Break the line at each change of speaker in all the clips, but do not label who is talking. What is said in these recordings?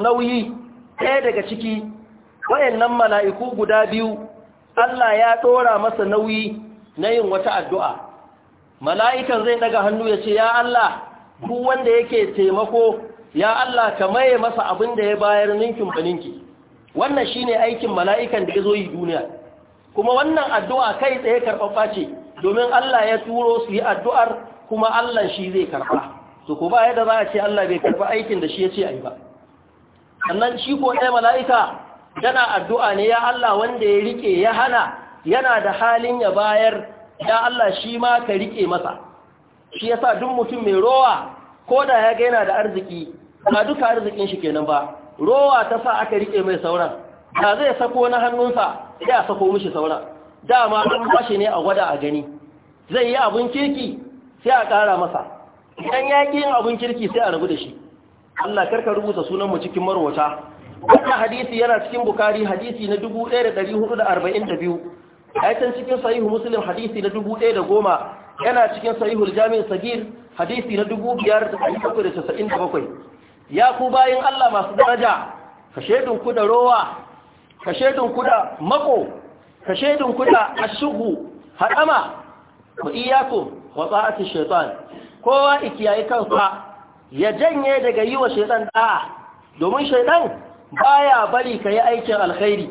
nauyi ɗaya daga ciki wayannan mala'iku guda biyu Allah ya ɗora masa nauyi na yin wata addu'a mala'ikan zai daga hannu ya ce ya Allah duk wanda yake taimako ya Allah ka maye masa abin da ya bayar ninkin baninki wannan shi ne aikin mala'ikan da ya zo yi duniya kuma wannan addu'a kai tsaye karɓaɓa ce domin Allah ya turo su yi addu'ar kuma Allah shi zai karɓa to ku ba yadda za a ce Allah bai karɓa aikin da shi ya ce a yi ba sannan shi ko ɗaya mala'ika yana addu'a ne ya Allah wanda ya rike ya hana yana da halin ya bayar ya Allah shi ma ka rike masa shi ya sa duk mutum mai rowa ko da ya ga yana da arziki ba duka arzikin shi kenan ba rowa ta sa aka rike mai sauran da zai sako na hannunsa ya sako mishi sauran dama an bashi ne a gwada a gani zai yi abin kirki sai a ƙara masa idan yaƙi yin abin kirki sai a rabu da shi Allah karka rubuta sunanmu cikin marwata wannan hadisi yana cikin Bukhari hadisi na 1442 aitan cikin sahihu muslim hadisi na 1010 yana cikin Sahihu jami' sagir hadisi na 5797 ya ku bayin Allah masu daraja ka shedun ku da rowa ka shedun ku da mako ka shedun ku da ashuhu hadama ku iyakum wa tsa'ati shaitan kowa ikiyaye kansa ya janye daga yi wa shaidan da'a domin shaidan baya bari ka yi aikin alkhairi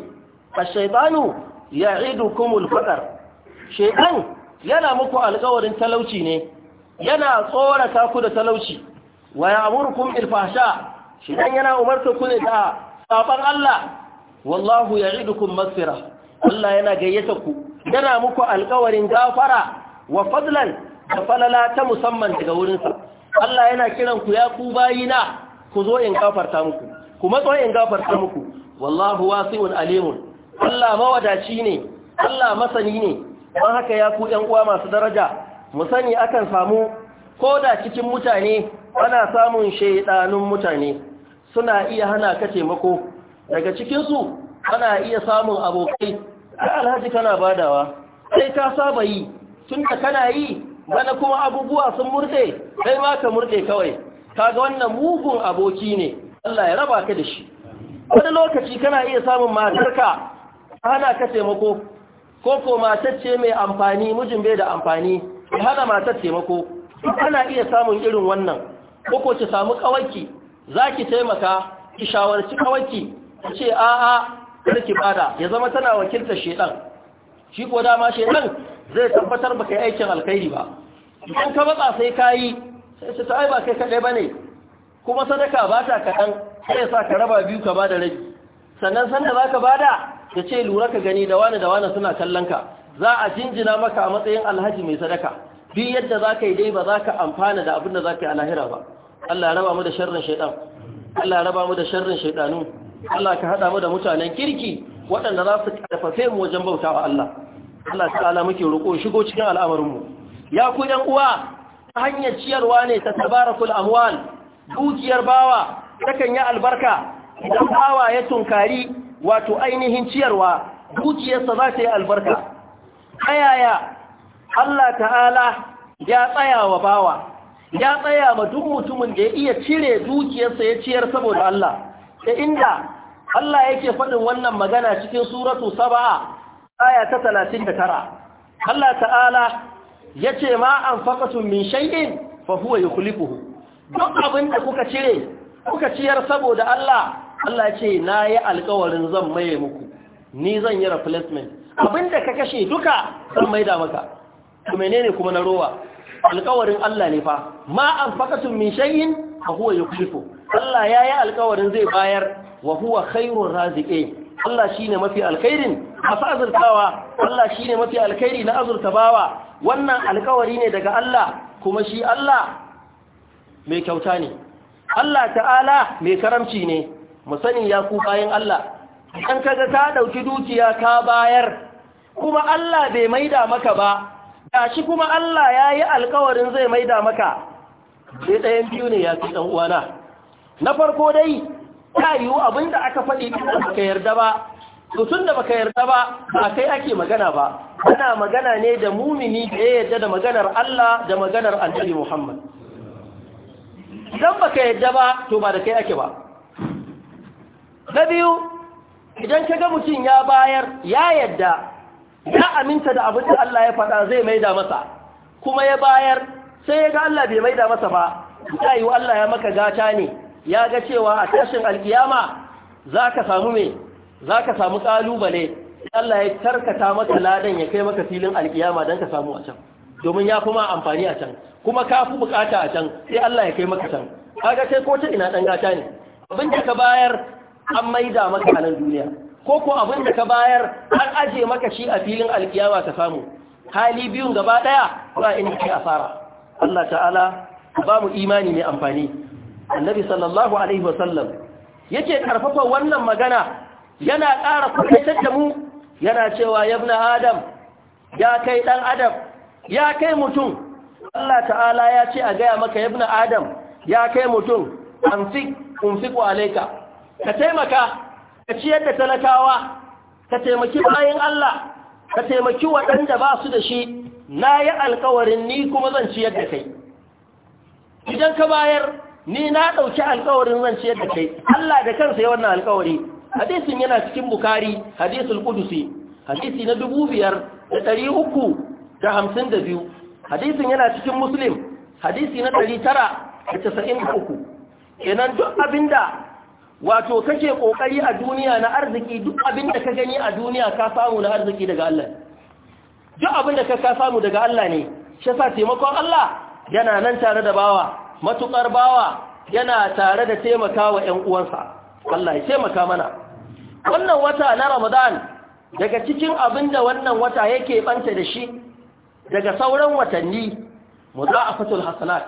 fa shaidanu ya'idukumul faqr shaidan yana muku alkawarin talauci ne yana tsorata ku da talauci wa ya'murukum bil fahsha shaidan yana umarta ku ne da saban Allah wallahu ya'idukum masfira Allah yana gayyata ku yana muku alkawarin gafara wa fadlan da falala ta musamman daga wurinsa Allah yana kiran ku ya ku bayina ku zo in gafarta muku ku matso in gafarta muku wallahu wasi'un alimun Allah mawadaci ne Allah masani ne don haka ya ku ɗan uwa masu daraja mu sani akan samu koda cikin mutane ana samun shaidanun mutane suna iya hana ka taimako daga cikin su ana iya samun abokai alhaji kana badawa sai ka saba yi Tunda da kana yi bana kuma abubuwa sun murde kai ma ka murde kawai kaga wannan mugun aboki ne Allah ya raba ka da shi wani lokaci kana iya samun matarka hana ka taimako ko ko ce mai amfani mijin bai da amfani hana matar taimako ana iya samun irin wannan ko ko ki samu kawaki zaki taimaka ki shawarci kawaki ki ce a'a kar ki bada ya zama tana wakiltar shedan shi ko dama shedan zai tabbatar baka yi aikin alkhairi ba idan ka matsa sai ka yi sai su ta'ai ba kai kaɗai ba ne kuma sadaka ba ta kaɗan sai sa ka raba biyu ka ba da rabi sannan sanda za ka ba da ta ce lura ka gani da wani da wani suna kallon ka za a jinjina maka a matsayin alhaji mai sadaka bi yadda za ka yi dai ba za ka amfana da abin da za ka yi a lahira ba Allah raba mu da sharrin shaidan Allah raba mu da sharrin shaidanu Allah ka haɗa mu da mutanen kirki waɗanda za su ƙarfafe mu wajen bautawa Allah Allah ta'ala muke roƙo shigo cikin al'amarinmu ya ku ɗan uwa ta hanyar ciyarwa ne ta tabarakul amwal dukiyar bawa takan yi albarka idan bawa ya tunkari wato ainihin ciyarwa dukiyarsa za ta yi albarka tsayaya Allah ta'ala ya tsaya wa bawa ya tsaya ma duk mutumin da ya iya cire dukiyarsa ya ciyar saboda Allah ta inda Allah yake faɗin wannan magana cikin suratu saba'a aya ta tara. Allah ta'ala yace ma anfaqatu min shay'in fa huwa yukhlifuhu duk abin da kuka cire kuka ciyar saboda Allah Allah ce nayi alƙawarin zan maye muku ni zan yi replacement abinda ka kashe duka zan maida maka to menene kuma na rowa alƙawarin Allah ne fa ma anfaqatu min shay'in fa huwa yukhlifu Allah yayi alkawarin zai bayar wa huwa khairur raziqin Allah shine mafi alkhairin masu azurtawa Allah shi ne mafi alkhairi na azurta bawa wannan alkawari ne daga Allah kuma shi Allah mai kyauta ne Allah ta'ala mai karamci ne musani sani ya ku bayan Allah idan kaga ta ɗauki dukiya ka bayar kuma Allah bai maida maka ba gashi kuma Allah ya yi alkawarin zai maida maka sai ɗayan biyu ne ya fi ɗan’uwa uwana na farko dai ta abin da aka faɗi da ka yarda ba to tun da baka yarda ba ba kai ake magana ba ana magana ne da mumini da ya yarda da maganar Allah da maganar Annabi Muhammad idan baka yarda ba to ba da kai ake ba na biyu idan ka ga mutum ya bayar ya yarda ya aminta da abin da Allah ya faɗa zai maida masa kuma ya bayar sai ya ga Allah bai maida masa ba ta Allah ya maka gata ne ya ga cewa a tashin alkiyama za ka samu mai za ka samu ƙalubale Allah ya tarkata maka ladan ya kai maka filin alƙiyama don ka samu a can domin ya kuma amfani a can kuma ka fi bukata a can sai Allah ya kai maka can kaga sai ko ta ina dan gata ne abin da ka bayar an maida maka a nan duniya ko ko abin da ka bayar an aje maka shi a filin alƙiyama ka samu hali biyun gaba daya ba in kai asara Allah ta'ala ba mu imani mai amfani annabi sallallahu alaihi wasallam yake karfafa wannan magana yana ƙara kudaitar da mu yana cewa yabna adam ya kai ɗan adam ya kai mutum Allah ta'ala ya ce a gaya maka yabna adam ya kai mutum amsik umsik wa alaika ka taimaka ka ciyar da talakawa ka taimaki bayan Allah ka taimaki waɗanda ba su da shi na yi alkawarin ni kuma zan ciyar da kai idan ka bayar ni na ɗauki alkawarin zan ciyar da kai Allah da kansa ya wannan alkawari hadisin yana cikin bukari hadisul qudusi hadisi na dubu biyar da ɗari uku da hamsin da biyu hadisin yana cikin muslim hadisi na ɗari tara da casa'in da uku kenan duk abinda wato kake ƙoƙari a duniya na arziki duk abinda ka gani a duniya ka samu na arziki daga Allah duk abinda ka ka samu daga Allah ne shi yasa taimakon Allah yana nan tare da bawa matuƙar bawa yana tare da taimakawa ƴan uwansa Allah ya taimaka mana wannan wata na ramadan daga cikin abin da wannan wata yake banta da shi daga sauran watanni mudha'afatul hasanat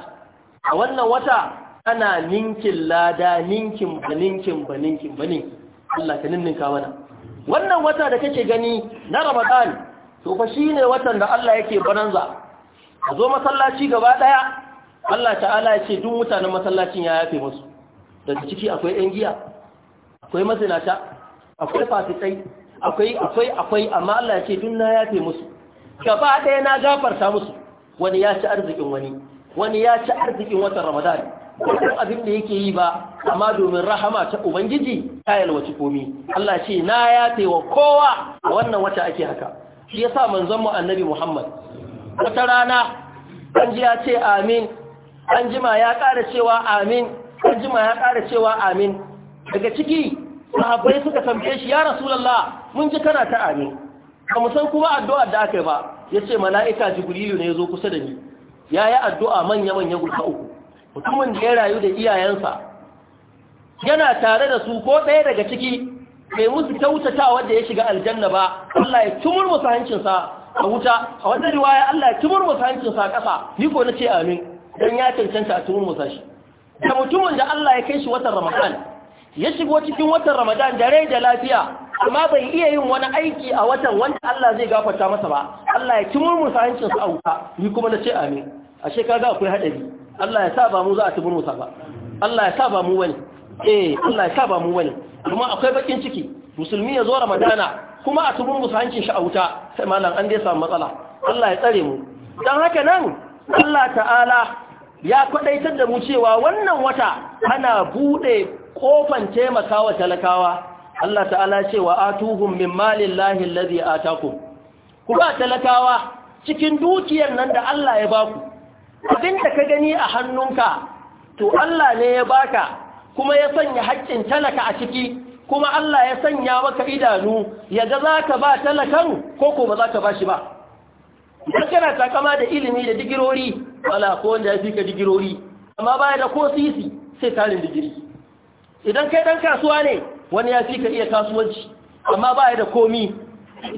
a wannan wata ana ninkin lada ninkin baninkin baninkin banin Allah ka ninninka mana wannan wata da kake gani na Ramadan to fa shine watan da Allah yake bananza a zo masallaci gaba daya Allah ta'ala ya ce duk mutanen masallacin ya yafe musu daga ciki akwai yan giya akwai mazinata akwai fasikai akwai akwai akwai amma Allah ya ce duk na yafe musu gaba ɗaya na gafarta musu wani ya ci arzikin wani wani ya ci arzikin watan Ramadan ko abin da yake yi ba amma domin rahama ta ubangiji ta yalwaci komi Allah ce na yafe wa kowa a wannan wata ake haka shi yasa manzon mu annabi Muhammad wata rana an ji ya ce amin an jima ya ƙara cewa amin an jima ya ƙara cewa amin daga ciki sahabbai suka tambaye shi ya rasulullah mun ji kana ta amin ba mu san kuma addu'a da aka yi ba yace mala'ika jibrilu ne yazo kusa da ni yayi addu'a manya manya guda uku mutumin da ya rayu da iyayensa yana tare da su ko ɗaya daga ciki bai musu kyautatawa wanda ya shiga aljanna ba Allah ya tumur musu hancinsa a wuta a wata riwaya Allah ya tumur musu hancinsa a ƙasa ni ko na ce amin don ya cancanta a tumur musa shi da mutumin da Allah ya kai shi watan ramadan ya shigo cikin watan ramadan da rai da lafiya amma bai iya yin wani aiki a watan wanda Allah zai gafarta masa ba Allah ya ci murmusa hancin a wuta ni kuma na ce amin ashe kaga akwai haɗari. Allah ya sa ba mu za a ci murmusa ba Allah ya sa ba mu wani eh Allah ya sa ba mu wani kuma akwai bakin ciki musulmi ya zo ramadana kuma a tubur musu hancin shi a wuta sai malam an dai samu matsala Allah ya tsare mu dan haka nan Allah ta'ala ya kwadaitar da mu cewa wannan wata ana bude kofan taimakawa talakawa Allah ta'ala ce wa atuhum min malillahi allazi atakum ku ba talakawa cikin dukiyar nan da Allah ya baku da ka gani a hannunka to Allah ne ya baka kuma ya sanya haƙƙin talaka a ciki kuma Allah ya sanya maka idanu ya ga za ka ba talakan ko ko ba za ka ba shi ba idan kana takama da ilimi da digirori wala ko wanda ya fi ka digirori amma baya da ko sisi sai tarin digiri idan kai dan kasuwa ne wani ya fi ka iya kasuwanci amma ba ya da komi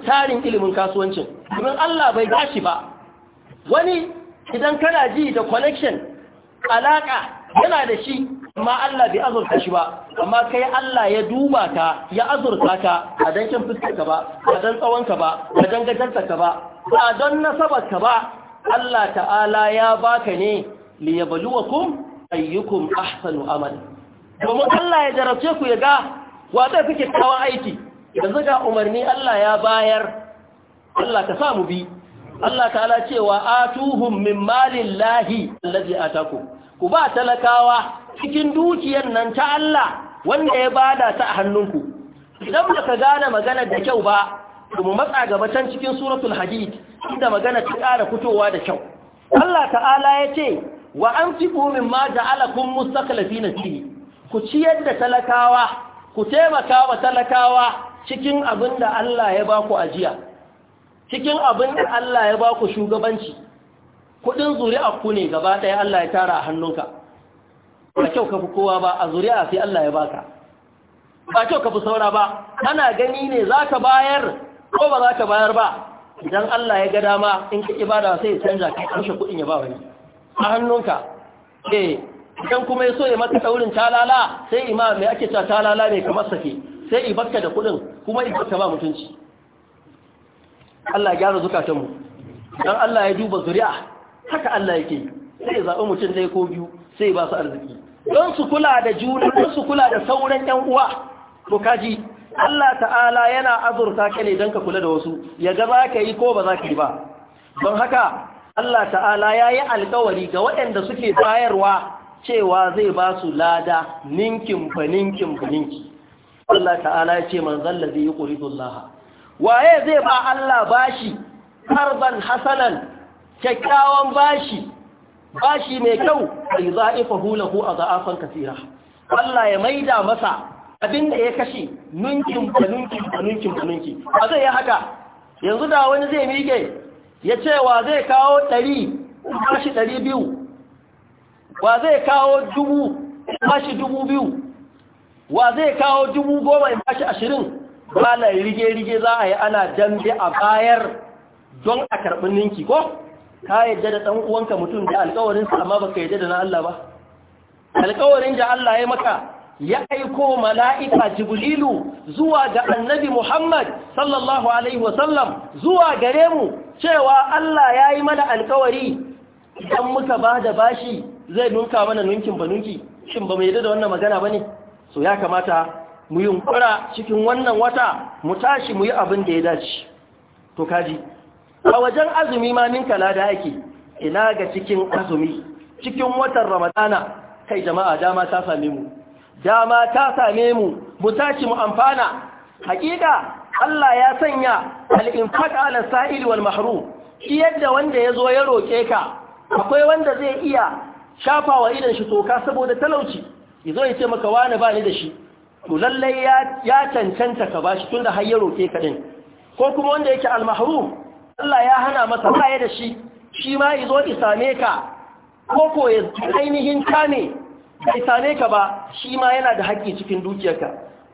tarin ilimin kasuwancin domin Allah bai gashi ba wani idan kana ji da connection alaka yana da shi amma Allah bai azurta shi ba amma kai Allah ya duba ka ya azurta ka a dan kin ka ba a dan tsawonka ba a dan gajarta ba a don ka ba Allah ta'ala ya baka ne liyabluwakum ayyukum ahsanu amal domin Allah ya jarabce ku ya ga wata kuke kawo aiki zai ga umarni Allah ya bayar Allah ka samu bi Allah ta'ala cewa atuhum min malillahi allazi ataku ku ba talakawa cikin dukiyar nan ta Allah wanda ya bada ta a hannunku idan baka gane maganar da kyau ba mu matsa gaba can cikin suratul hadid inda magana ta ƙara fitowa da kyau Allah ta'ala ya ce wa anfiqu mimma ja'alakum na fihi ku ciyar da talakawa ku taimaka wa talakawa cikin abin da Allah ya ba ku ajiya cikin abin da Allah ya ba ku shugabanci kudin zuri'a ku ne gaba ɗaya Allah ya tara a hannunka ba kyau ka fi kowa ba a zuri'a sai Allah ya baka ba kyau ka fi saura ba kana gani ne za ka bayar ko ba za ka bayar ba idan Allah ya ga dama in ka ibada sai ya canza ka karshe kuɗin ya ba wani a hannunka eh idan kuma ya so ya maka saurin talala sai imam mai ake cewa talala ne kamar sake sai ibarka da kudin kuma ibarka ba mutunci Allah ya gyara mu. dan Allah ya duba zuri'a haka Allah yake sai ya zaɓi mutum ɗaya ko biyu sai ya ba su arziki don su kula da juna don su kula da sauran ƴan uwa to kaji Allah ta'ala yana azurta ka ne dan ka kula da wasu ya ga za ka yi ko ba za ka yi ba don haka Allah ta'ala ya yi alkawari ga waɗanda suke bayarwa cewa zai ba su lada ninkin ba ninkin ba ninki Allah ta'ala ya ce man zalla zai yi quridullah waye zai ba Allah bashi harban hasanan kyakkyawan bashi bashi mai kyau bai za'ifahu lahu azafan kaseera Allah ya maida masa abin da ya kashe ninkin ba ninkin ba ninkin Ba ninki a zai yi haka yanzu da wani zai mige ya cewa zai kawo 100 bashi biyu? wa zai kawo dubu bashi dubu biyu wa zai kawo dubu goma in bashi ashirin ba na rige-rige za a yi ana dambe a bayar don a karɓin ninki ko ka yadda da ɗan uwanka mutum da alkawarinsa amma baka yadda da na Allah ba alkawarin da Allah ya maka ya aiko mala'ika jibrilu zuwa ga annabi Muhammad sallallahu Alaihi wasallam zuwa gare mu cewa Allah ya yi mana alkawari idan muka ba da bashi zai nunka mana nunkin ba nunki shin ba mai yadda da wannan magana ba ne so ya kamata mu yi kura cikin wannan wata mu tashi mu yi abin da ya dace to kaji a wajen azumi ma min kala da ake ina ga cikin azumi cikin watan ramadana kai jama'a dama ta same mu dama ta same mu mu tashi mu amfana hakika Allah ya sanya al-infaq ala sa'il wal mahrum yadda wanda yazo ya roke ka akwai wanda zai iya shafawa idan shi toka saboda talauci izo ya ce maka wani ba ni da shi to lallai ya cancanta ka bashi tunda har ya roke ka din ko kuma wanda yake al Allah ya hana masa baya da shi shi ma yazo same ka ko ko ya ainihin kame bai same ka ba shi ma yana da haƙƙi cikin dukiyarka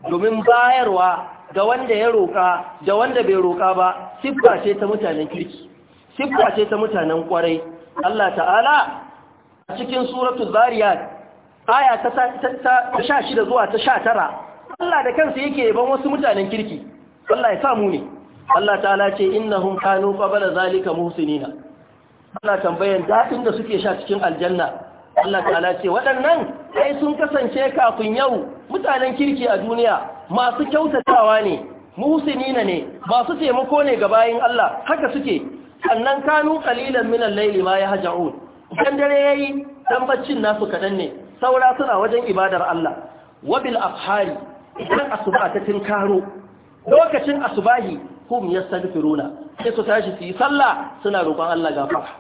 domin bayarwa ga wanda ya roka da wanda bai roƙa ba siffa ce ta mutanen kirki siffa ce ta mutanen ƙwarai Allah ta'ala a cikin suratu zariyat aya ta sha shida zuwa ta sha tara Allah da kansa yake yaban wasu mutanen kirki Allah ya samu ne Allah ta'ala ce innahum kanu qabla zalika muhsinina Allah tambayan dadin da suke sha cikin aljanna Allah ta'ala ce waɗannan sai sun kasance kafin yau mutanen kirki a duniya masu kyautatawa ne muhsinina ne masu taimako ne ga bayan Allah haka suke Sannan kanu qalilan min al-layli ma yahja'un idan dare yayi dan baccin nasu kadan ne saura suna wajen ibadar Allah wabil afhari idan asuba ta tinkaro lokacin asubahi hum yastaghfiruna sai su tashi su yi sallah suna roƙon Allah gafara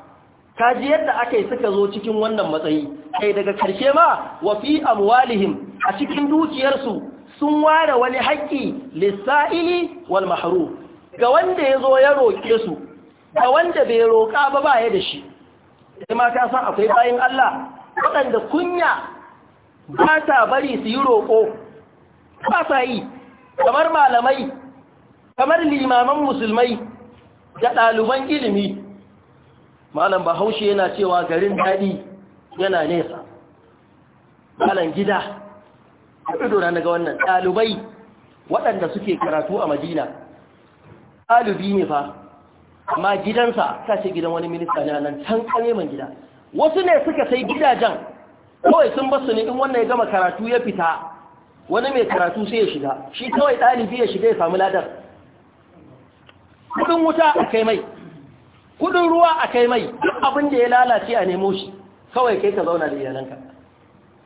kaji yadda akai suka zo cikin wannan matsayi kai daga karshe ma wa fi amwalihim a cikin dukiyarsu sun ware wani haƙƙi lissa'ili wal mahrum ga wanda ya zo ya roƙe su ga wanda bai roƙa ba ba ya da shi sai ma ta san akwai bayan Allah waɗanda kunya ba ta bari su yi roƙo ba sa yi kamar malamai kamar limaman musulmai da ɗaliban ilimi malam bahaushe yana cewa garin daɗi yana nesa malam gida a na ga wannan ɗalibai waɗanda suke karatu a madina ɗalibi ne fa amma gidansa ta ce gidan wani minista ne nan can man gida wasu ne suka sai gidajen kawai sun basu ne in wannan ya gama karatu ya fita wani mai karatu sai ya shiga shi kawai ɗalibi ya shiga ya samu ladar kudin wuta a kai mai kudin ruwa a kai mai abin da ya lalace a nemo shi kawai kai ka zauna da iyalanka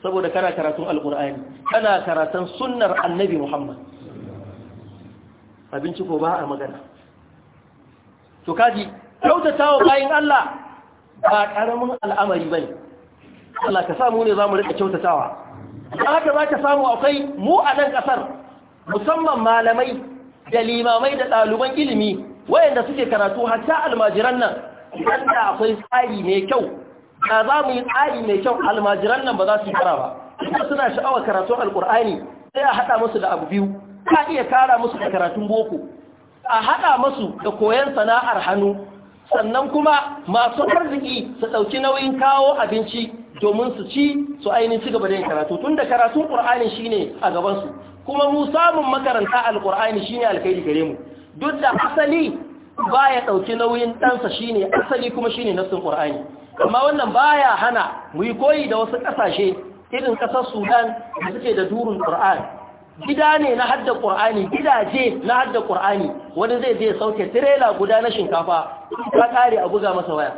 saboda kana karatun alkur'ani kana karatun sunnar annabi muhammad abinci ko ba a magana to kaji kyautata wa bayin Allah ba karamin al'amari bane Allah ka samu ne zamu rika kyautatawa haka za ka samu akwai mu a nan kasar musamman malamai da limamai da ɗaliban ilimi wayanda suke karatu hatta almajiran nan idan akwai tsari mai kyau da za mu yi tsari mai kyau almajiran nan ba za su yi kara ba kuma suna sha'awar karatun alkur'ani sai a haɗa musu da abu biyu ka iya kara musu da karatun boko a haɗa masu da koyon sana'ar hannu sannan kuma masu arziki su ɗauki nauyin kawo abinci domin su ci su ainihin ci gaba da yin karatu tun da karatun ƙur'ani shine a gabansu kuma mu samun makaranta alƙur'ani shine alkhairi gare mu duk da asali ba ya ɗauki nauyin ɗansa shine asali kuma shi ne nassin ƙur'ani amma wannan baya hana mu yi koyi da wasu ƙasashe irin ƙasar sudan da suke da durin ƙur'ani gida ne na hadda ƙur'ani gidaje na hadda ƙur'ani wani zai je sauke tirela guda na shinkafa ta ƙari a buga masa waya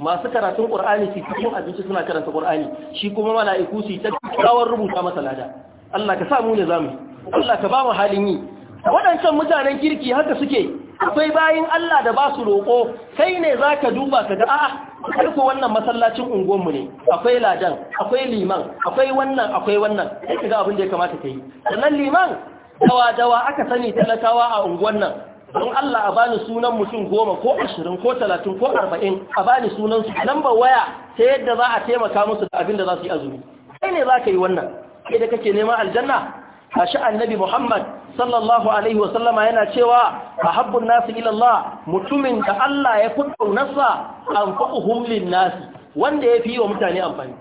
masu karatun ƙur'ani su cikin abinci suna karanta ƙur'ani shi kuma mana su ta kawar rubuta masa lada Allah ka sa mu ne zamu Allah ka ba mu halin yi waɗancan mutanen kirki haka suke akwai bayin Allah da ba su roƙo kai ne za ka duba ka ga a'a karko wannan masallacin unguwanmu ne akwai ladan akwai liman akwai wannan akwai wannan sai ka ga abin da ya kamata ka yi sannan liman dawa dawa aka sani talakawa a unguwan nan don Allah a bani sunan mutum goma ko ashirin ko talatin ko arba'in a bani sunan su lambar waya ta yadda za a taimaka musu da abin da za su yi azumi kai ne za ka yi wannan sai da kake neman aljanna A sha'an Nabi Muhammad sallallahu alaihi wasallama yana cewa ahabbun nasu ila mutumin da Allah ya fi kaunarsa anfa'uhum lin nasu. wanda ya fi wa mutane amfani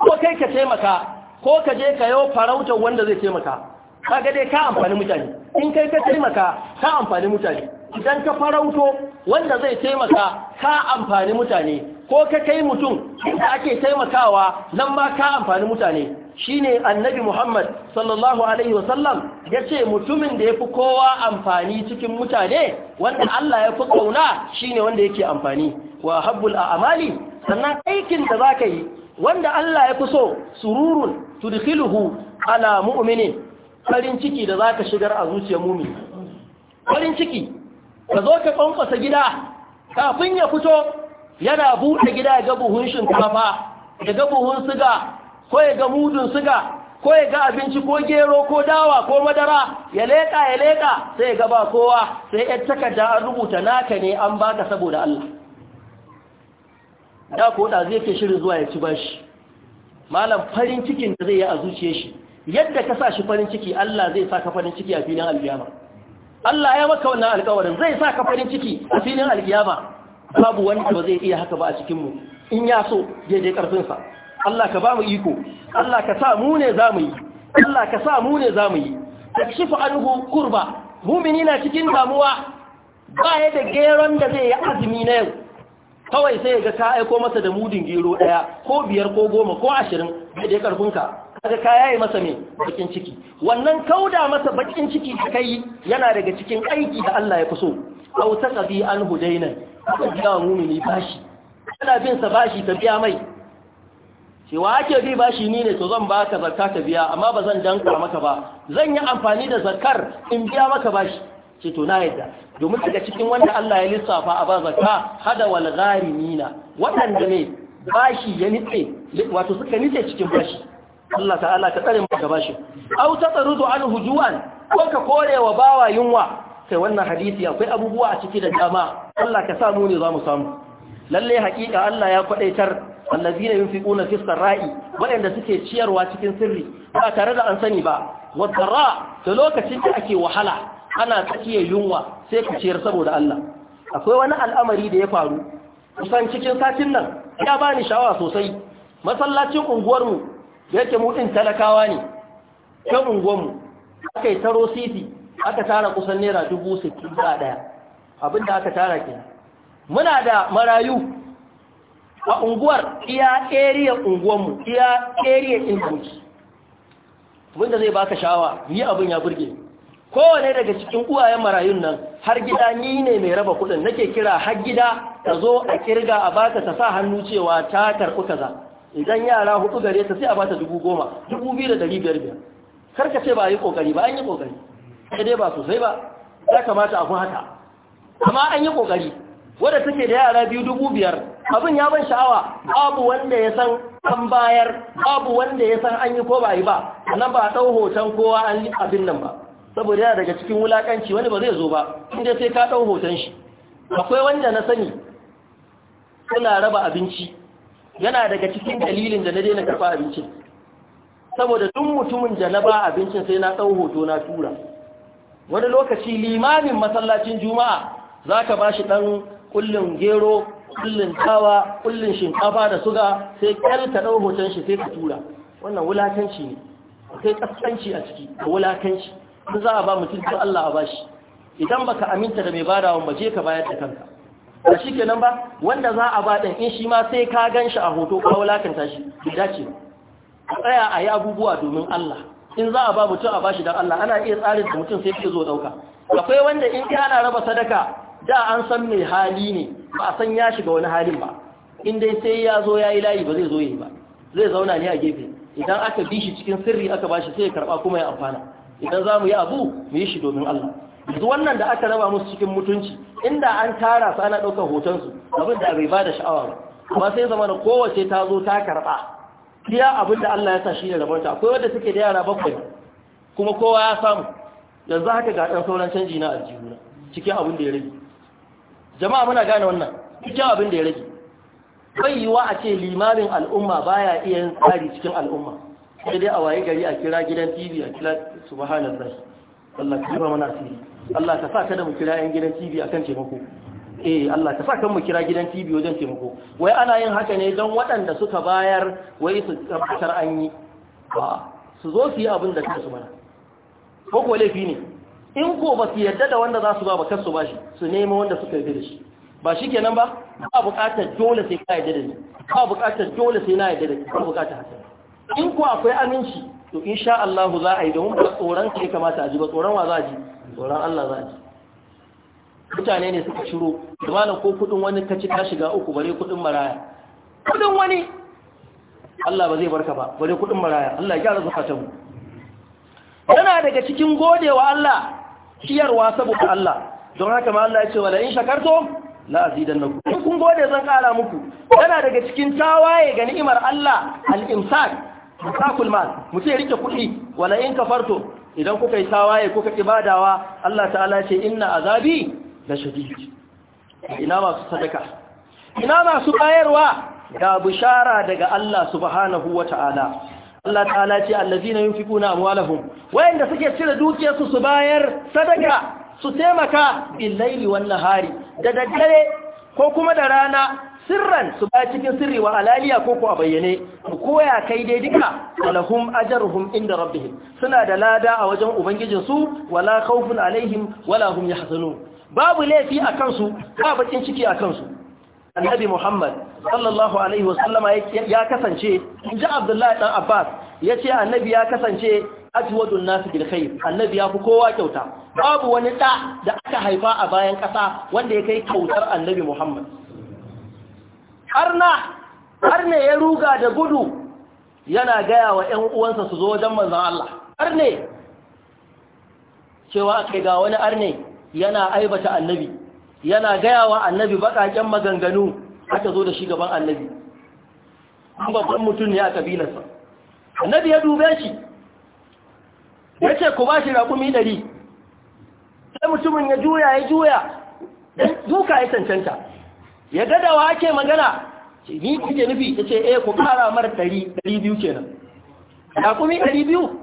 ko kai ka taimaka ko ka je ka yau farautar wanda zai taimaka kaga dai ka amfani mutane in kai ka taimaka ka amfani mutane idan ka farauto wanda zai taimaka ka amfani mutane ko ka kai mutum da ake taimakawa nan ma ka amfani mutane shine annabi Muhammad sallallahu alaihi wasallam yace mutumin da yafi kowa amfani cikin mutane wanda Allah ya fi kauna shine wanda yake amfani wa habbul a'mali sannan aikin da zaka yi wanda Allah ya fi so sururun tudkhiluhu ala mu'minin farin ciki da zaka shigar a zuciyar mu'min farin ciki ka zo ka kwankwasa gida kafin ya fito yana buɗe gida ga buhun shinkafa da ga buhun siga ko ya ga mudun suga, ko ya ga abinci ko gero ko dawa ko madara ya leka ya leka sai ya ga ba kowa sai ya takarda an rubuta naka ne an baka saboda Allah da ko da zai ke shirin zuwa ya ci bashi malam farin cikin da zai yi a zuciyar shi yadda ka sa shi farin ciki Allah zai sa farin ciki a filin alkiyama Allah ya maka wannan alƙawarin zai saka farin ciki a filin alkiyama babu wanda ba zai iya haka ba a cikin mu in ya so daidai karfin sa Allah ka ba mu iko Allah ka sa mu ne zamu yi Allah ka sa mu ne zamu yi takshifu anhu kurba mu'mini na cikin damuwa ba ya da geron da zai yi azumi na yau kawai sai ga ka aiko masa da mudin gero ɗaya, ko biyar ko goma ko ashirin da dai karfinka kaga ka yayi masa me bakin ciki wannan kauda masa bakin ciki da kai yana daga cikin aiki da Allah ya fi kuso aw taqdi an hudainan ka ga mumini bashi kana bin sa bashi ta biya mai cewa ake bi bashi ni ne to zan baka zakka ta biya amma ba zan danka maka ba zan yi amfani da zakar in biya maka bashi ce to na yadda domin daga cikin wanda Allah ya lissafa a ba zakka hada wal gharimina waɗanda ne bashi ya nitse wato suka nitse cikin bashi Allah ta'ala ka tsare maka bashi aw tatarudu an hujuan ko ka korewa bawa yunwa Sai wannan hadisi akwai abubuwa a ciki da dama Allah ka samu ne za mu samu lalle haƙiƙa Allah ya kwadaitar wallazina yunfiquna fi ra'i, waɗanda suke ciyarwa cikin sirri ba tare da an sani ba wadara da lokacin da ake wahala ana tsakiye yunwa sai ka ciyar saboda Allah akwai wani al'amari da ya faru kusan cikin satin nan ya bani shawara sosai masallacin unguwarmu da yake mu din talakawa ne kan unguwarmu mu akai taro siti aka tara kusan naira dubu abinda aka tara ke muna da marayu a unguwar iya area unguwanmu iya area inguwanki wanda zai baka shawa yi abin ya burge kowane daga cikin uwayen marayun nan har gida ni ne mai raba kudin nake kira har gida ta zo a kirga a baka ta sa hannu cewa ta karku kaza idan yara hudu gare ta sai a bata dubu goma dubu biyu da dari biyar biyar karka ce ba a yi kokari ba an yi kokari sai dai ba sosai ba ya kamata a kun haka amma an yi kokari wadda take da yara biyu dubu biyar abin ya ban sha'awa babu wanda ya san an bayar babu wanda ya san an yi ko ba yi ba nan ba a ɗau hoton kowa an yi abin nan ba saboda yana daga cikin wulaƙanci wani ba zai zo ba inda sai ka ɗau hoton shi akwai wanda na sani suna raba abinci yana daga cikin dalilin da na daina karɓa abinci. saboda duk mutumin da na ba abincin sai na ɗau hoto na tura wani lokaci limamin masallacin juma'a za ka ba shi ɗan kullun gero kullun kawa kullun shinkafa da suga sai kyar ta dau hoton shi sai ka tura wannan wulakanci ne akwai kaskanci a ciki da wulakanci in za a ba mutum to Allah a bashi idan baka aminta da mai badawa ba je ka bayar da kanka a shikenan ba wanda za a ba din in shi ma sai ka ganshi a hoto ka wulakanta shi bai dace ba a tsaya a yi abubuwa domin Allah in za a ba mutum a bashi don Allah ana iya tsarin da mutum sai ke zo dauka akwai wanda in kana raba sadaka da an san mai hali ne ba a san ya shiga wani halin ba in dai sai ya zo ya yi layi ba zai zo yi ba zai zauna ne a gefe idan aka bi shi cikin sirri aka ba shi sai ya karɓa kuma ya amfana idan za mu yi abu mu yi shi domin Allah yanzu wannan da aka raba musu cikin mutunci inda an tara su ana ɗaukar hotonsu abin da bai ba da sha'awa ba amma sai zama da kowace ta zo ta karɓa kiya abin da Allah ya sa shi ne ta akwai wanda suke da yara bakwai kuma kowa ya samu yanzu haka ga ɗan sauran canji na aljihu cikin abin da ya rage jama'a muna gane wannan cikin abin da ya rage bai yiwa a ce limamin al'umma baya iya yin tsari cikin al'umma sai dai a waye gari a kira gidan tv a kira subhanallah Allah ka kira mana asiri Allah ka sa kada mu kira yan gidan tv akan taimako eh Allah ka sa kan mu kira gidan tv wajen taimako wai ana yin haka ne don waɗanda suka bayar wai su tabbatar an yi ba su zo su yi abin da kansu mana ko ko laifi ne in ko ba su yadda da wanda za su ba ba kansu su ba shi su nemo wanda suka yadda da shi ba shi kenan ba ba buƙatar dole sai ka yadda da ni ba buƙatar dole sai na yadda da ni ba bukatar haka in ko akwai aminci to in sha Allah za a yi domin ba tsoron ya kamata a ji ba tsoron wa za a ji tsoron Allah za a ji mutane ne suka shiro malam ko kudin wani ka ci ka shiga uku bare kudin maraya kudin wani Allah ba zai barka ba bare kudin maraya Allah ya gyara zakatan mu yana daga cikin godewa Allah ciyarwa saboda Allah don haka ma Allah ya ce wala in shakarto la azidannakum in kun gode zan kara muku yana daga cikin tawaye ga ni'imar Allah al-imsak musakul mal mutum rike kuɗi wala in kafarto idan kuka yi tawaye kuka ibadawa Allah ta'ala ce inna azabi la shadid ina masu sadaka ina masu bayarwa ga bishara daga Allah subhanahu wa ta'ala Allah ta'ala ce allazina yunfiquna amwalahum wayanda suke cire dukiyarsu su bayar sadaka su taimaka billaili wan nahari da daddare ko kuma da rana sirran su ba cikin sirri wa alaliya ko ko a bayyane mu koya kai dai duka alahum ajruhum inda rabbihim suna da lada a wajen ubangijin su wala khawfun alaihim wala hum yahzanun babu laifi akan su ba bakin ciki akan su annabi Muhammad sallallahu alaihi wasallama ya kasance inji Abdullahi dan Abbas yace annabi ya kasance ajwadun nasu bil khair annabi ya fi kowa kyauta babu wani da da aka haifa a bayan kasa wanda ya kai kyautar annabi Muhammad harna harne ya ruga da gudu yana gaya wa ƴan uwansa su zo wajen manzon Allah harne cewa kai ga wani arne yana aibata annabi yana gaya wa annabi baƙaƙen maganganu aka zo da shi gaban annabi an babban mutum ne a ƙabilarsa annabi ya dube shi ya ce ku ba shi raƙumi ɗari sai mutumin ya juya ya juya duka ya cancanta ya wa ake magana ni kuke nufi ya ce eh ku ƙara mara ɗari ɗari biyu kenan raƙumi ɗari biyu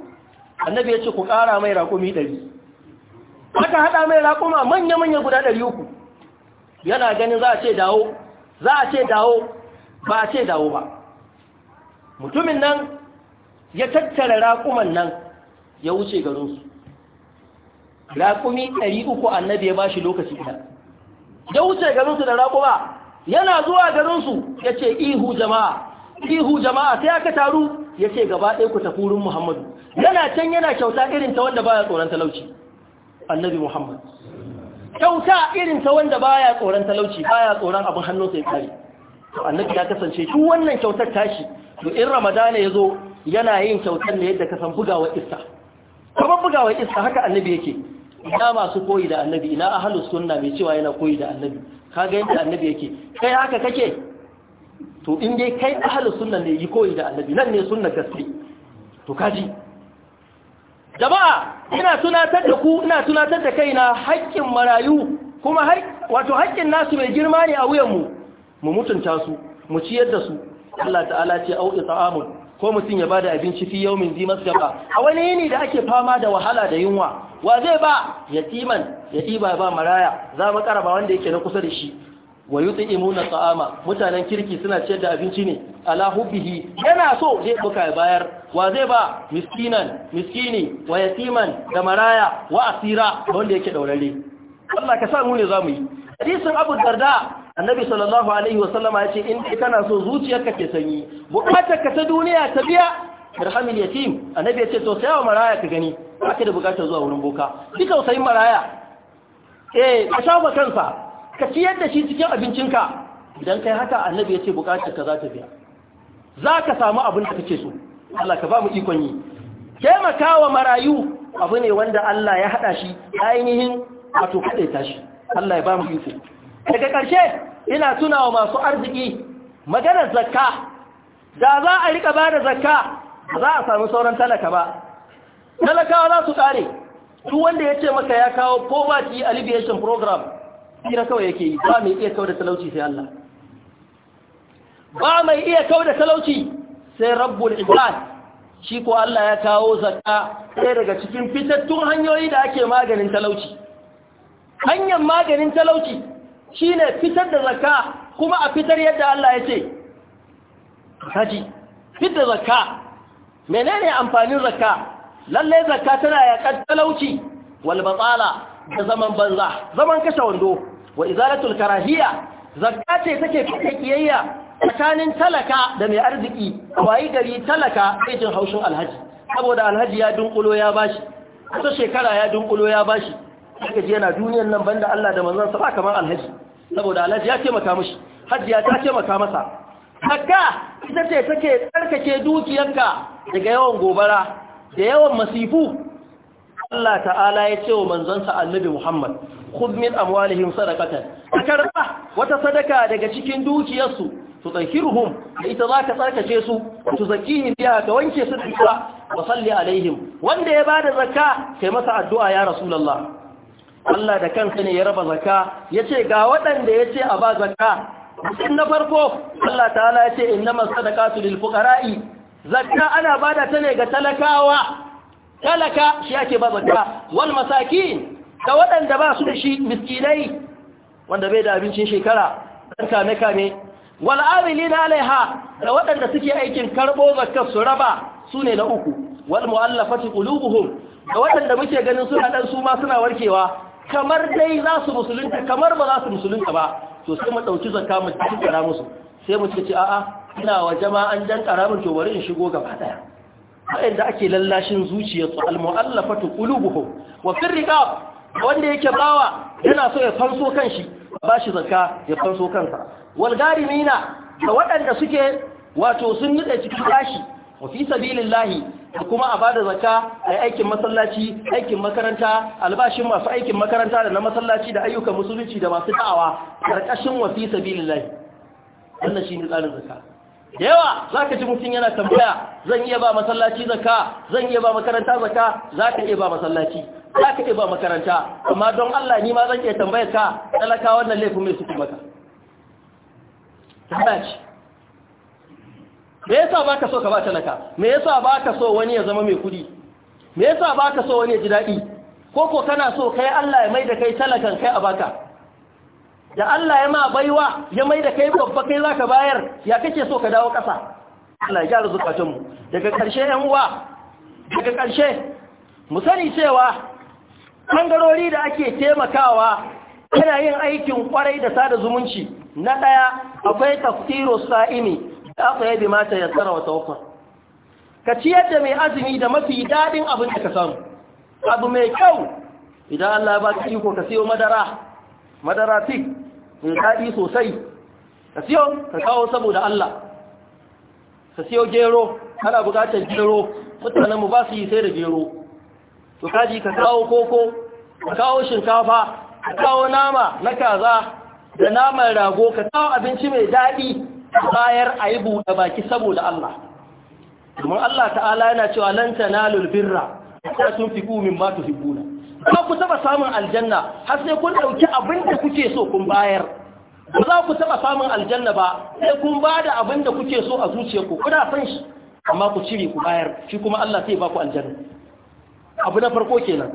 annabi ya ce ku ƙara mai raƙumi ɗari aka haɗa mai raƙuma manya-manya guda ɗari uku yana ganin za a ce dawo za a ce dawo ba a ce dawo ba mutumin nan ya tattara raƙuman nan ya wuce garinsu raƙumi ɗari uku annabi ya ba shi lokaci ɗaya ya wuce garinsu da raƙuma yana zuwa garinsu ya ce ihu jama'a ihu jama'a sai aka taru ya ce gaba ɗaya ku tafi wurin muhammadu yana can yana kyauta irin ta wanda baya tsoron talauci annabi muhammad kyauta irin ta wanda baya tsoron talauci baya tsoron abin hannunsa ya kare to annabi ya kasance shi wannan kyautar tashi to in ramadana ya zo yana yin kyautar ne yadda ka san bugawar iska kamar bugawar iska haka annabi yake ina masu koyi da annabi ina ahlus sunna mai cewa yana koyi da annabi kaga yadda annabi yake kai haka kake to in dai kai ahlus sunna ne yi koyi da annabi nan ne sunna gaske to kaji jama'a ina tunatar da ku ina tunatar da kaina haƙƙin marayu kuma wato haƙƙin nasu mai girma ne a wuyan mu Mu mutunta su mu ciyar da su Allah ta'ala ce au ita'amun ko mutum ya bada abinci fi yawmin zi masjaba a wani yini da ake fama da wahala da yunwa wa zai ba yatiman ya ba ba maraya za mu karaba wanda yake na kusa da shi wa yut'imuna ta'ama mutanen kirki suna ciyar da abinci ne ala hubbihi yana so zai buka bayar wa zai ba miskinan miskini wa yatiman da maraya wa asira wanda yake daurare Allah ka sa mu ne zamu yi hadisin Abu Darda annabi sallallahu alaihi ya ce, in kai kana so zuciyarka ta sanyi bukatarka ta duniya ta biya irhamil yatim annabi ce to sai wa maraya ka gani aka da bukatar zuwa wurin boka duk tausayin maraya eh ka shafa kansa ka ciyar da shi cikin abincinka idan kai haka annabi ya ce bukatar ka za ta biya za ka samu abin da kake so Allah ka ba mu ikon yi taimakawa marayu abu ne wanda Allah ya haɗa shi ainihin wato ta shi Allah ya ba mu iko daga ƙarshe ina tunawa masu arziki maganar zakka da za a rika ba da zakka za a samu sauran talaka ba talakawa za su ƙare duk wanda ya ce maka ya kawo poverty alleviation program tsira kawai yake yi ba mai iya kawo da talauci sai Allah ba mai iya kawo da talauci sai rabbul ibad shi ko Allah ya kawo zakka sai daga cikin fitattun hanyoyi da ake maganin talauci hanyar maganin talauci shine fitar da zakka kuma a fitar yadda Allah ya ce haji fitar zakka menene amfanin zakka lalle zakka tana ya talauci wal batala da zaman banza zaman kashe wando wa izalatul karahiya zakka ce take kake kiyayya tsakanin talaka da mai arziki wayi gari talaka sai jin haushin alhaji saboda alhaji ya dunkulo ya bashi wata shekara ya dunkulo ya bashi haka ji yana duniyar nan banda Allah da manzon sa ba kamar alhaji saboda alhaji ya taimaka mishi hajji ya ta taimaka masa zakka ita ce take tsarkake dukiyarka daga yawan gobara da yawan masifu Allah ta'ala ya ce wa manzansa annabi Muhammad khudh min amwalihim sadaqatan karba wata sadaka daga cikin dukiyarsu tutahhiruhum ita za ka tsarkace su tuzakihim biha ka wanke su da wa salli alaihim wanda ya bada zakka kai masa addu'a ya rasulullah Allah da kansa ne ya raba zakka yace ga waɗanda yace a ba zakka mutum na farko Allah ta'ala yace innamas sadaqatu lil fuqara'i zakka ana bada ta ne ga talakawa talaka shi ake ba zakka wal masakin da waɗanda ba su da shi miskinai wanda bai da abincin shekara dan kame kame wal amilina alaiha da waɗanda suke aikin karbo zakka su raba sune na uku wal muallafati qulubuhum da waɗanda muke ganin suna dan su ma suna warkewa kamar dai za su musulunta kamar ba za su musulunta ba to sai mu dauki zakka mu tsara musu sai mu ce a'a ina wa jama'an dan karamin to bari in shigo gaba daya waɗanda ake lallashin zuciyarsu almu'allafatu qulubuhum wa fi riqab wanda yake bawa yana so ya fanso kanshi shi zakka ya fanso kansa wal garimina da waɗanda suke wato sun nutse cikin bashi wa fi sabilillahi da kuma a bada zakka ai aikin masallaci aikin makaranta albashin masu aikin makaranta da na masallaci da ayyukan musulunci da masu da'awa karkashin wa fi sabilillahi wannan shine tsarin zakka da yawa za ka ji mutum yana tambaya zan iya ba masallaci zaka zan iya ba makaranta zaka za ka iya ba masallaci za ka iya ba makaranta amma don Allah ni ma zan iya tambaya ka talaka wannan laifin mai suke maka tabbaci me yasa ba ka so ka ba talaka me yasa ba ka so wani ya zama mai kudi me yasa ba ka so wani ya ji daɗi ko ko kana so kai Allah ya mai da kai talakan kai a baka da Allah ya ma baiwa ya mai da kai babba kai za ka bayar ya kake so ka dawo ƙasa Allah ya gyara zukatunmu daga ƙarshe ‘yan uwa daga ƙarshe mu sani cewa ɓangarori da ake taimakawa yana yin aikin ƙwarai da sada zumunci na ɗaya akwai tafsiro sa'imi da aka yabi mata ya tsara wata wakwa ka ciyar da mai azumi da mafi daɗin abin da ka samu abu mai kyau idan Allah ba ka iko ka siyo madara madara fig mai daɗi sosai ka siyo ka kawo saboda Allah ka siyo gero kana bukatar gero mutanenmu ba su yi sai da gero to kaji ka kawo koko ka kawo shinkafa ka kawo nama na kaza da naman rago ka kawo abinci mai daɗi bayar a yi buɗe baki saboda Allah domin Allah ta'ala yana cewa lan tanalul birra ta tunfiku mimma tuhibbuna ba ku taba samun aljanna har sai kun dauki abin da kuke so kun bayar ba za ku taba samun aljanna ba sai kun bada abin da kuke so a ku kuna san shi amma ku cire ku bayar shi kuma Allah sai ba ku aljanna abu na farko kenan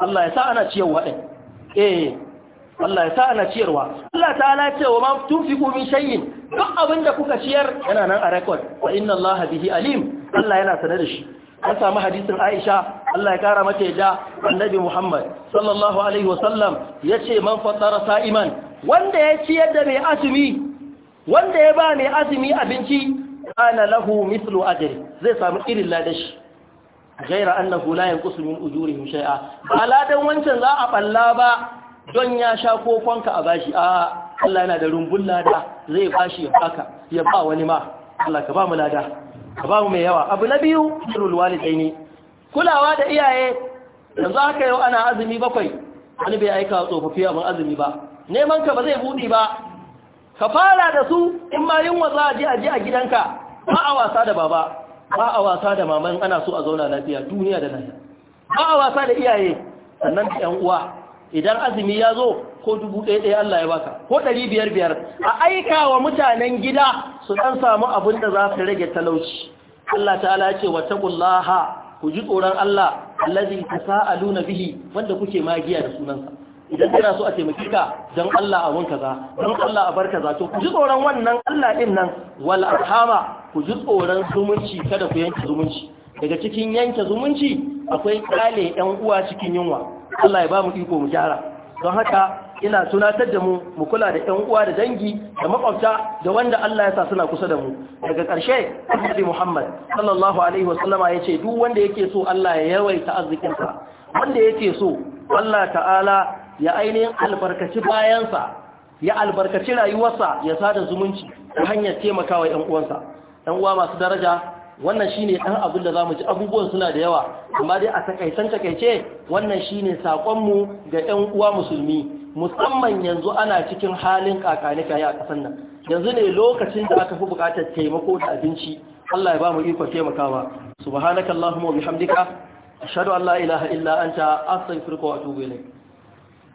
Allah ya sa ana ciyarwa din eh Allah ya sa ana ciyarwa Allah ta'ala ya ce wa ma tunfiqu min shay'in duk abin da kuka ciyar yana nan a record wa inna Allah bihi alim Allah yana sanar da shi an samu hadisin Aisha Allah ya kara mata yadda Annabi Muhammad sallallahu alaihi wasallam yace man fatara sa'iman wanda ya ciyar da mai azumi wanda ya ba mai azumi abinci ana lahu mithlu ajri zai samu irin ladashi gaira annahu la yanqusu min ujurihim shay'a ba ladan wancan za a balla ba don ya sha kokonka a bashi a Allah yana da rumbun lada zai bashi ya ya ba wani ma Allah ka ba mu lada babu mai yawa abu na biyu sirrul ne kulawa da iyaye yanzu haka yau ana azumi bakwai wani bai aika tsofaffi abin azumi ba neman ka ba zai buɗe ba ka fara da su in ma yin za a je a ji a gidanka ba a wasa da baba ba a wasa da maman ana so a zauna lafiya duniya da lafiya ba a wasa da iyaye sannan da yan uwa idan azumi ya zo ko dubu ɗaya ɗaya Allah ya baka ko ɗari biyar biyar a aika wa mutanen gida su ɗan samu abin da za su rage talauci Allah ta'ala ce wa taƙullaha ku ji tsoron Allah allazi tasaaluna bihi wanda kuke magiya da sunansa idan kira so a taimaki ka don Allah a wanka kaza don Allah a bar kaza to ku ji tsoron wannan Allah ɗin nan wal arhama ku ji tsoron zumunci kada ku yanke zumunci daga cikin yanke zumunci akwai kale ƴan uwa cikin yunwa Allah ya ba mu iko mu gyara don haka ina tunatar da mu mu kula da ɗan uwa da dangi da makwabta da wanda Allah ya sa suna kusa da mu daga ƙarshe Annabi Muhammad sallallahu alaihi wasallama yace duk wanda yake so Allah ya yawaita arzikinsa wanda yake so Allah ta'ala ya ainihin albarkaci bayansa ya albarkaci rayuwarsa ya sada zumunci ta hanyar taimakawa ƴan uwansa ɗan uwa masu daraja wannan shine dan abin da zamu ji abubuwan suna da yawa amma dai a takaitan takaice wannan shine sakon mu ga ɗan uwa musulmi musamman yanzu ana cikin halin kakanika kayi a ƙasar nan yanzu ne lokacin da aka fi bukatar taimako da abinci Allah ya ba mu iko taimakawa subhanakallahumma wa bihamdika ashhadu an la ilaha illa anta astaghfiruka wa atubu ilayk